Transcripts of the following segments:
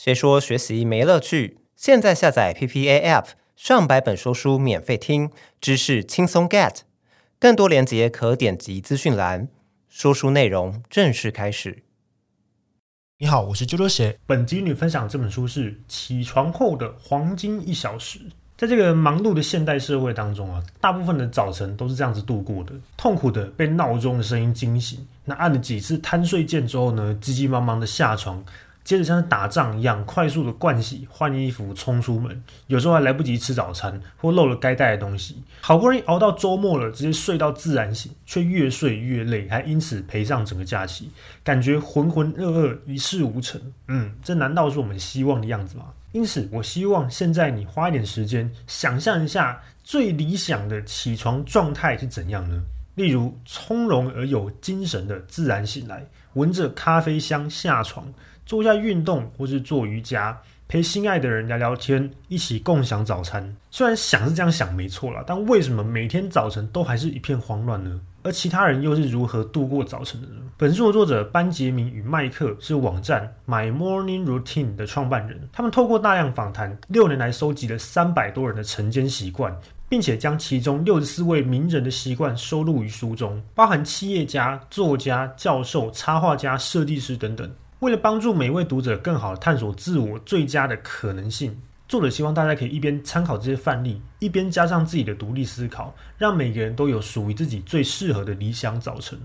誰說學習沒樂趣？現在下載 PPA App，上百本說書免費聽，知識輕鬆 get。更多連接可點擊資訊欄。說書內容正式開始。你好，我是啾啾鞋。本集，與你分享這本書是《起床後的黃金一小時》。在這個忙碌的現代社會當中啊，大部分的早晨都是這樣子度過的，痛苦的被鬧鐘的聲音驚醒。那按了幾次貪睡鍵之後呢，急急忙忙的下床。接着像是打仗一樣快速的盥洗、換衣服、衝出門，有時候還來不及吃早餐或漏了該帶的東西。好不容易熬到周末了，直接睡到自然醒，卻越睡越累，還因此賠上整個假期，感覺渾渾噩噩、一事無成。嗯，這難道是我們希望的樣子嗎？因此，我希望現在你花一點時間想象一下最理想的起床狀態是怎樣呢？例如，從容而有精神的自然醒來，聞着咖啡香下床。做一下運動，或是做瑜伽，陪心愛的人聊聊天，一起共享早餐。雖然想是這樣想沒錯啦，但為什麼每天早晨都還是一片慌亂呢？而其他人又是如何度過早晨的呢？本書的作者班傑明與麥克是網站 My Morning Routine 的創辦人，他們透過大量訪談，六年來收集了三百多人的晨間習慣，並且將其中六十四位名人的習慣收錄於書中，包含企業家、作家、教授、插畫家、設計師等等。為了幫助每位讀者更好探索自我最佳的可能性，作者希望大家可以一邊參考這些範例，一邊加上自己的獨立思考，讓每個人都有屬於自己最適合的理想早晨。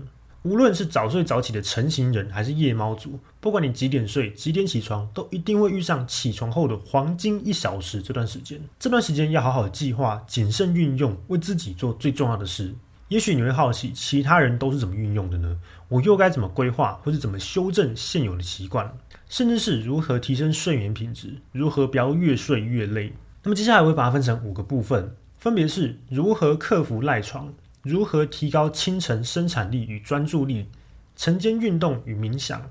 無論是早睡早起的晨型人，還是夜貓族，不管你幾點睡、幾點起床，都一定會遇上起床後的黃金一小時這段時間。這段時間要好好的計劃、謹慎運用，為自己做最重要的事。也許你會好奇，其他人都是怎麼運用的呢？我又該怎麼規劃，或是怎麼修正現有的習慣，甚至是如何提升睡眠品質，如何不要越睡越累？那麼接下來我會把它分成五個部分，分別是如何克服賴床，如何提高清晨生產力與專注力，晨間運動與冥想，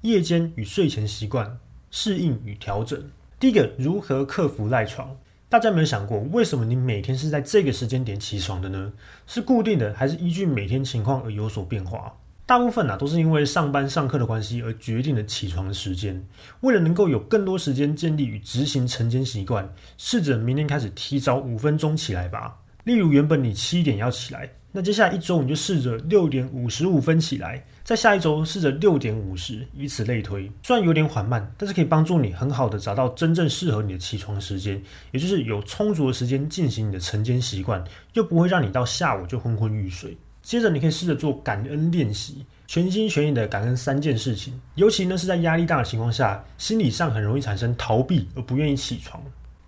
夜間與睡前習慣，適應與調整。第一個，如何克服賴床。大家有沒有想過，為什麼你每天是在這個時間點起床的呢？是固定的，還是依據每天情況而有所變化？大部分啊，都是因為上班上課的關係而決定了起床的時間。為了能夠有更多時間建立與執行晨間習慣，試着明天開始提早五分鐘起來吧。例如，原本你七點要起來，那接下來一周你就試着六點五十五分起來。在下一周試着六點五十，50，以此類推。雖然有點緩慢，但是可以幫助你很好的找到真正適合你的起床時間，也就是有充足的時間進行你的晨間習慣，又不會讓你到下午就昏昏欲睡。接着你可以試着做感恩練習，全心全意的感恩三件事情。尤其呢是在壓力大的情況下，心理上很容易產生逃避而不願意起床。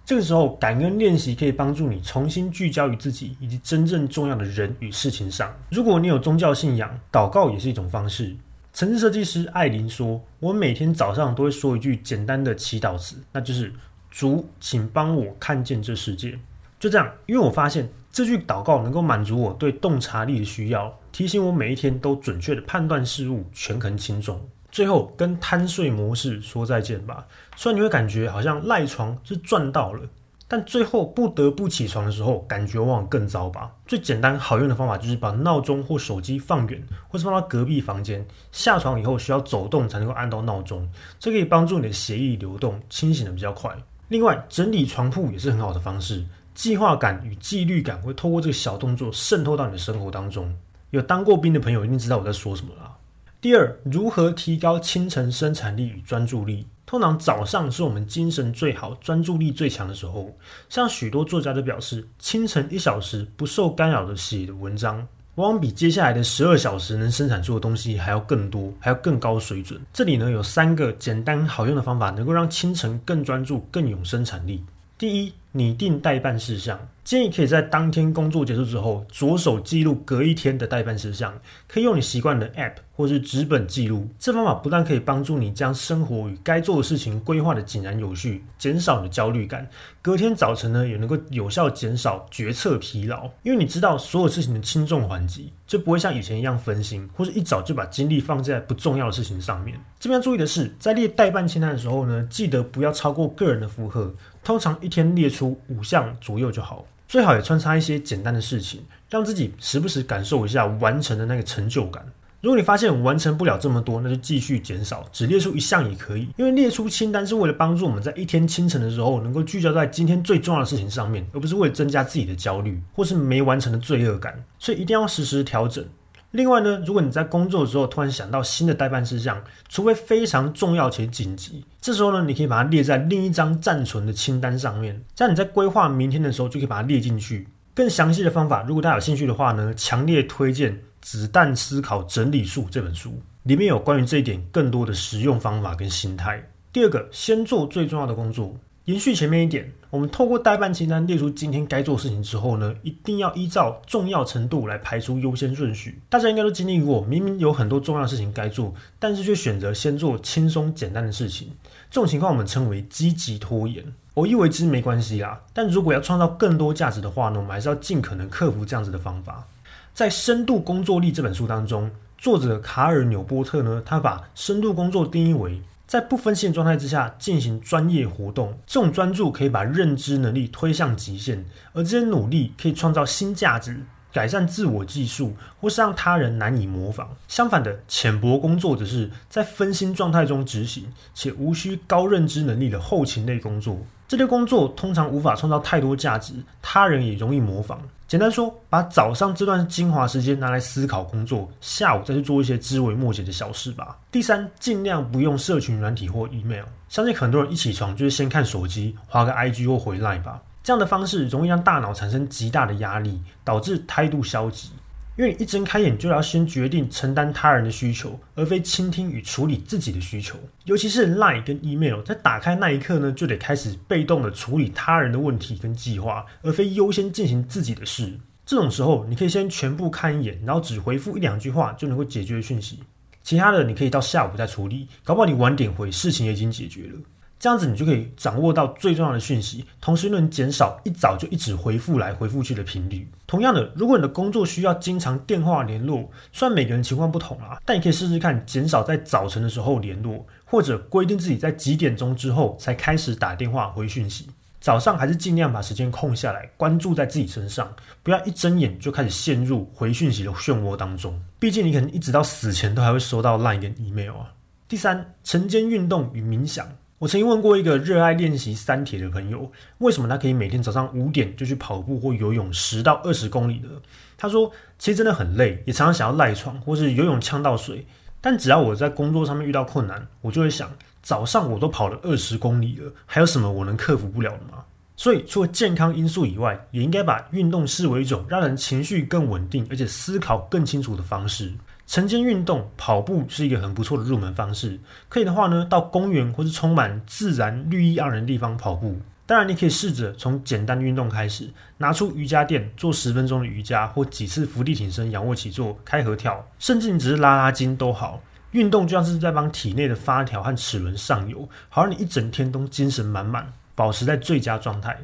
這個時候，感恩練習可以幫助你重新聚焦於自己以及真正重要的人與事情上。如果你有宗教信仰，禱告也是一種方式。城市設計師艾琳說：“我每天早上都會說一句簡單的祈禱詞，那就是‘主，請幫我看見這世界’。就這樣，因為我發現這句禱告能夠滿足我對洞察力的需要，提醒我每一天都準確地判斷事物，權衡輕重。”最後跟貪睡模式說再見吧。雖然你會感覺好像賴床是賺到了，但最後不得不起床的時候，感覺往往更糟吧。最簡單好用的方法就是把鬧鐘或手機放遠，或是放到隔壁房間。下床以後需要走動才能夠按到鬧鐘，這可以幫助你的血液流動，清醒得比較快。另外，整理床鋪也是很好的方式。計劃感與紀律感會透過這個小動作滲透到你的生活當中。有當過兵的朋友一定知道我在說什麼啦。第二，如何提高清晨生產力與專注力？通常早上是我們精神最好、專注力最強的時候。像許多作家都表示，清晨一小時不受干擾的寫的文章，往往比接下來的十二小時能生產出的東西還要更多，還要更高水準。這裡呢，有三個簡單好用的方法，能夠讓清晨更專注、更有生產力。第一，擬定代辦事項，建議可以在當天工作結束之後，着手記錄隔一天的代辦事項，可以用你習慣的 App 或是紙本記錄。這方法不但可以幫助你將生活與該做的事情規劃的井然有序，減少你的焦慮感。隔天早晨呢，也能夠有效減少決策疲勞，因為你知道所有事情的輕重緩急，就不會像以前一樣分心，或是一早就把精力放在不重要的事情上面。這邊要注意的是，在列代辦清單的時候呢，記得不要超過個人的負荷。通常一天列出五項左右就好，最好也穿插一些簡單的事情，讓自己時不時感受一下完成的那個成就感。如果你發現完成不了這麼多，那就繼續減少，只列出一項也可以。因為列出清單是為了幫助我們在一天清晨的時候能夠聚焦在今天最重要的事情上面，而不是為了增加自己的焦慮或是沒完成的罪惡感。所以一定要時時調整。另外呢，如果你在工作的時候突然想到新的待辦事項，除非非常重要且緊急，這時候呢，你可以把它列在另一張暫存的清單上面，這樣你在規劃明天的時候就可以把它列進去。更詳細的方法，如果大家有興趣的話呢，強烈推薦《子彈思考整理術》這本書，裡面有關於這一點更多的實用方法跟心態。第二個，先做最重要的工作。延續前面一點，我們透過代辦清單列出今天該做事情之後呢，一定要依照重要程度來排出優先順序。大家應該都經歷過，明明有很多重要的事情該做，但是卻選擇先做輕鬆簡單的事情。這種情況我們稱為積極拖延。偶一為之沒關係啦，但如果要創造更多價值的話呢，我們還是要盡可能克服這樣子的方法。在《深度工作力》這本書當中，作者卡爾紐波特呢，他把深度工作定義為。在不分心狀態之下進行專業活動，這種專注可以把認知能力推向極限，而這些努力可以創造新價值、改善自我技術，或是讓他人難以模仿。相反的，淺薄工作則是在分心狀態中執行，且無需高認知能力的後勤類工作。這類工作通常無法創造太多價值，他人也容易模仿。簡單說，把早上這段精華時間拿來思考工作，下午再去做一些枝微末節的小事吧。第三，盡量不用社群軟體或 email，相信很多人一起床就是先看手機，滑個 IG 或回 LINE 吧。這樣的方式容易讓大腦產生極大的壓力，導致態度消極。因為你一睜開眼，就要先決定承擔他人的需求，而非傾聽與處理自己的需求。尤其是 LINE 跟 Email，在打開那一刻呢，就得開始被動的處理他人的問題跟計劃，而非優先進行自己的事。這種時候，你可以先全部看一眼，然後只回復一兩句話就能夠解決的訊息。其他的，你可以到下午再處理，搞不好你晚點回，事情也已經解決了。這樣子你就可以掌握到最重要的訊息，同時能減少一早就一直回復來回復去的頻率。同樣的，如果你的工作需要經常電話聯絡，雖然每個人情況不同啊，但你可以試試看減少在早晨的時候聯絡，或者規定自己在幾點鐘之後才開始打電話回訊息。早上還是儘量把時間空下來，關注在自己身上，不要一睜眼就開始陷入回訊息的漩渦當中。畢竟你可能一直到死前都還會收到 LINE 跟 email 啊。第三，晨間運動與冥想。我曾經問過一個熱愛練習三鐵的朋友，為什麼他可以每天早上五點就去跑步或游泳十到二十公里呢？他說，其實真的很累，也常常想要賴床，或是游泳嗆到水。但只要我在工作上面遇到困難，我就會想，早上我都跑了二十公里了，還有什麼我能克服不了的嗎？所以，除了健康因素以外，也應該把運動視為一種讓人情緒更穩定，而且思考更清楚的方式。晨間運動跑步是一個很不錯的入門方式，可以的話呢，到公園或是充滿自然綠意盎然的地方跑步。當然，你可以試着從簡單的運動開始，拿出瑜伽墊做十分鐘的瑜伽，或幾次伏地挺身、仰臥起坐、開合跳，甚至你只是拉拉筋都好。運動就像是在幫體內的發條和齒輪上油，好讓你一整天都精神滿滿，保持在最佳狀態。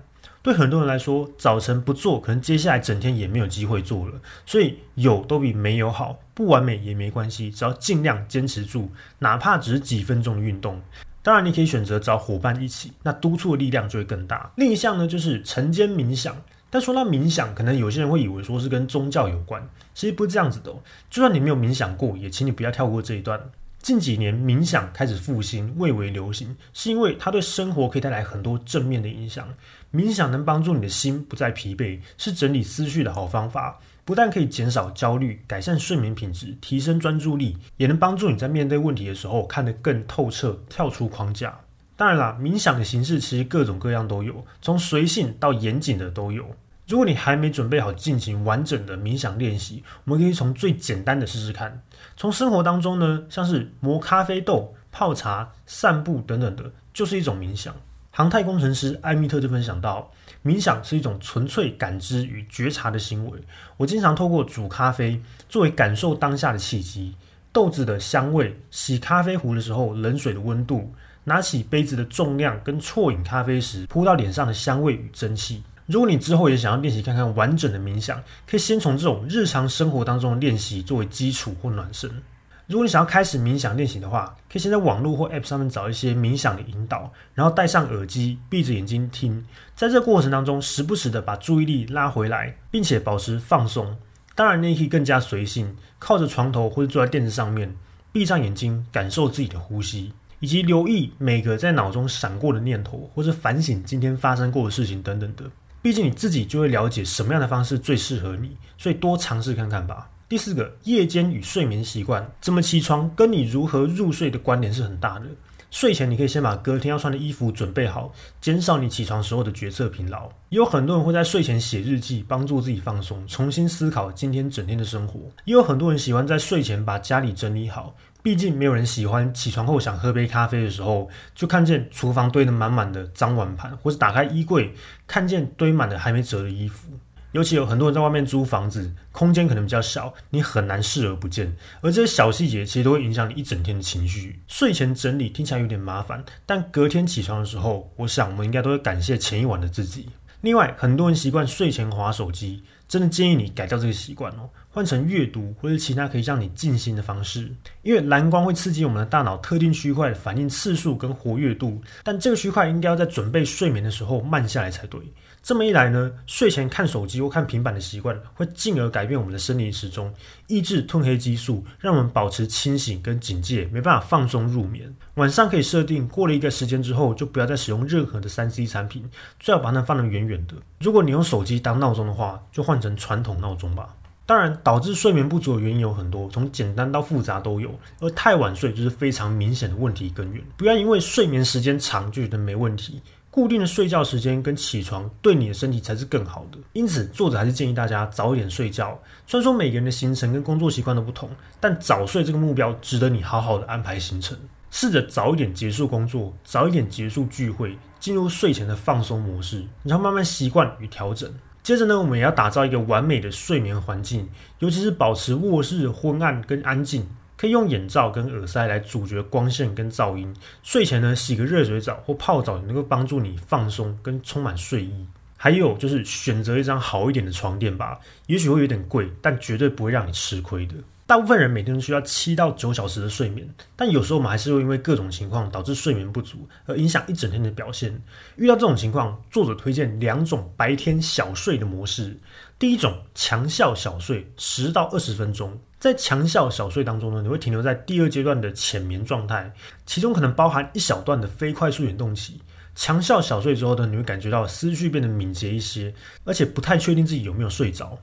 對很多人來說，早晨不做，可能接下來整天也沒有機會做了。所以有都比沒有好，不完美也沒關係，只要儘量堅持住，哪怕只是幾分鐘的運動。當然，你可以選擇找夥伴一起，那督促的力量就會更大。另一項呢，就是晨間冥想。但說到冥想，可能有些人會以為說是跟宗教有關，其實不是這樣子的哦。就算你沒有冥想過，也請你不要跳過這一段。近幾年冥想開始復興，蔚為流行，是因為它對生活可以帶來很多正面的影響。冥想能幫助你的心不再疲憊，是整理思緒的好方法。不但可以減少焦慮，改善睡眠品質，提升專注力，也能幫助你在面對問題的時候看得更透徹，跳出框架。當然啦，冥想的形式其實各種各樣都有，從隨性到嚴謹的都有。如果你還沒準備好進行完整的冥想練習，我們可以從最簡單的試試看。從生活當中呢，像是磨咖啡豆、泡茶、散步等等的，就是一種冥想。航太工程師艾米特就分享到，冥想是一種純粹感知與覺察的行為。我經常透過煮咖啡作為感受當下的契機，豆子的香味、洗咖啡壺的時候冷水的溫度、拿起杯子的重量，跟啜飲咖啡時撲到臉上的香味與蒸汽。如果你之後也想要練習看看完整的冥想，可以先從這種日常生活當中的練習作為基礎或暖身。如果你想要開始冥想練習的話，可以先在網絡或 App 上面找一些冥想的引導，然後戴上耳機，閉着眼睛聽。在這個過程當中，時不時的把注意力拉回來，並且保持放鬆。當然，你也可以更加隨性，靠着床頭或者坐在墊子上面，閉上眼睛，感受自己的呼吸，以及留意每個在腦中閃過的念頭，或是反省今天發生過的事情等等的。畢竟你自己就會了解什麼樣的方式最適合你，所以多嘗試看看吧。第四個，夜間與睡眠習慣，怎麼起床跟你如何入睡的關聯是很大的。睡前你可以先把隔天要穿的衣服準備好，減少你起床時候的決策疲勞。也有很多人會在睡前寫日記，幫助自己放鬆，重新思考今天整天的生活。也有很多人喜歡在睡前把家裡整理好。畢竟沒有人喜歡起床後想喝杯咖啡的時候，就看見廚房堆得滿滿的髒碗盤，或者打開衣櫃看見堆滿的還沒折的衣服。尤其有很多人在外面租房子，空間可能比較小，你很難視而不見。而這些小細節其實都會影響你一整天的情緒。睡前整理聽起來有點麻煩，但隔天起床的時候，我想我們應該都會感謝前一晚的自己。另外，很多人習慣睡前滑手機，真的建議你改掉這個習慣哦。換成閱讀或者其他可以讓你靜心的方式，因為藍光會刺激我們的大腦特定區塊的反應次數跟活躍度，但這個區塊應該要在準備睡眠的時候慢下來才對。這麼一來呢，睡前看手機或看平板的習慣會進而改變我們的生理時鐘，抑制褪黑激素，讓我們保持清醒跟警戒，沒辦法放鬆入眠。晚上可以設定過了一個時間之後就不要再使用任何的三 C 產品，最好把它放得遠遠的。如果你用手機當鬧鐘的話，就換成傳統鬧鐘吧。當然，導致睡眠不足的原因有很多，從簡單到複雜都有。而太晚睡就是非常明顯的問題根源。不要因為睡眠時間長就覺得沒問題，固定的睡覺時間跟起床對你的身體才是更好的。因此，作者還是建議大家早一點睡覺。雖然說每個人的行程跟工作習慣都不同，但早睡這個目標值得你好好的安排行程。試着早一點結束工作，早一點結束聚會，進入睡前的放鬆模式，然後慢慢習慣與調整。接着呢，我們也要打造一個完美的睡眠環境，尤其是保持臥室的昏暗跟安靜，可以用眼罩跟耳塞來阻絕光線跟噪音。睡前呢，洗個熱水澡或泡澡能夠幫助你放鬆跟充滿睡意。還有就是選擇一張好一點的床墊吧，也許會有點貴，但絕對不會讓你吃虧的。大部分人每天都需要七到九小時的睡眠，但有時候我們還是會因為各種情況導致睡眠不足，而影響一整天的表現。遇到這種情況，作者推薦兩種白天小睡的模式。第一種，強效小睡，十到二十分鐘。在強效小睡當中呢，你會停留在第二階段的淺眠狀態，其中可能包含一小段的非快速眼動期。強效小睡之後呢，你會感覺到思緒變得敏捷一些，而且不太確定自己有沒有睡着。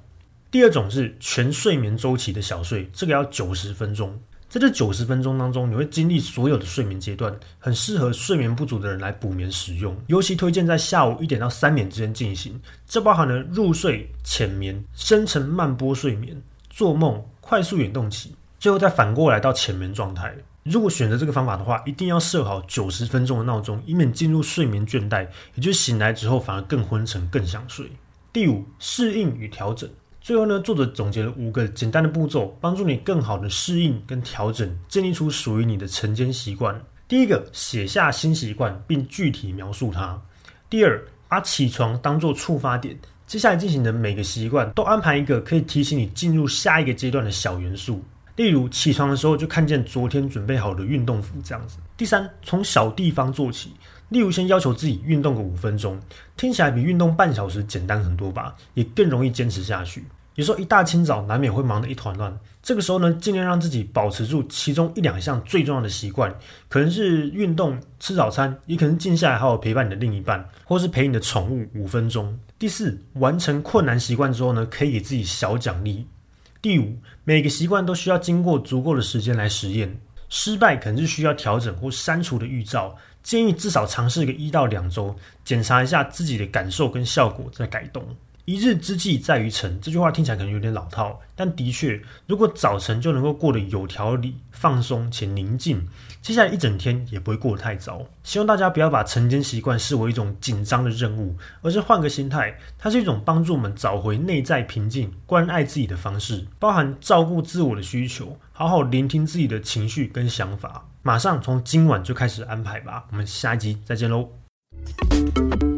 第二種是全睡眠周期的小睡，這個要九十分鐘。在這九十分鐘當中，你會經歷所有的睡眠階段，很適合睡眠不足的人來補眠使用。尤其推薦在下午一點到三點之間進行，這包含了入睡、淺眠、深層慢波睡眠、做夢、快速眼動期，最後再反過來到淺眠狀態。如果選擇這個方法的話，一定要設好九十分鐘的鬧鐘，以免進入睡眠倦怠，也就是醒來之後反而更昏沉、更想睡。第五，適應與調整。最後呢，作者總結了五個簡單的步驟，幫助你更好的適應跟調整，建立出屬於你的晨間習慣。第一個，寫下新習慣並具體描述它；第二，把、啊、起床當作觸發點，接下來進行的每個習慣都安排一個可以提醒你進入下一個階段的小元素，例如起床的時候就看見昨天準備好的運動服這樣子；第三，從小地方做起。例如，先要求自己運動個五分鐘，聽起來比運動半小時簡單很多吧，也更容易堅持下去。有時候一大清早難免會忙得一團亂，這個時候呢，盡量讓自己保持住其中一兩項最重要的習慣，可能是運動、吃早餐，也可能是靜下來好好陪伴你的另一半，或是陪你的寵物五分鐘。第四，完成困難習慣之後呢，可以給自己小獎勵。第五，每個習慣都需要經過足夠的時間來實驗，失敗可能是需要調整或刪除的預兆。建議至少嘗試個一到兩週，檢查一下自己的感受跟效果再改動。一日之計在於晨，這句話聽起來可能有點老套，但的確，如果早晨就能夠過得有條理、放鬆且寧靜，接下來一整天也不會過得太糟。希望大家不要把晨間習慣視為一種緊張的任務，而是換個心態，它是一種幫助我們找回內在平靜、關愛自己的方式，包含照顧自我的需求，好好聆聽自己的情緒跟想法。馬上從今晚就開始安排吧，我們下一集再見嘍。